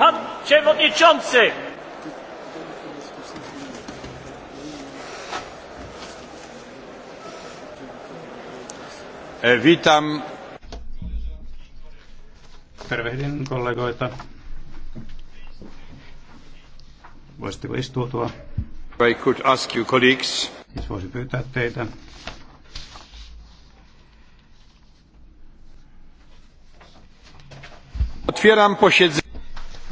Pan Przewodniczący! E, witam. Tervehdin kollegoita. Voisitteko istuutua? I could ask you colleagues. Siis voisi pyytää teitä otwieram posiedzenie.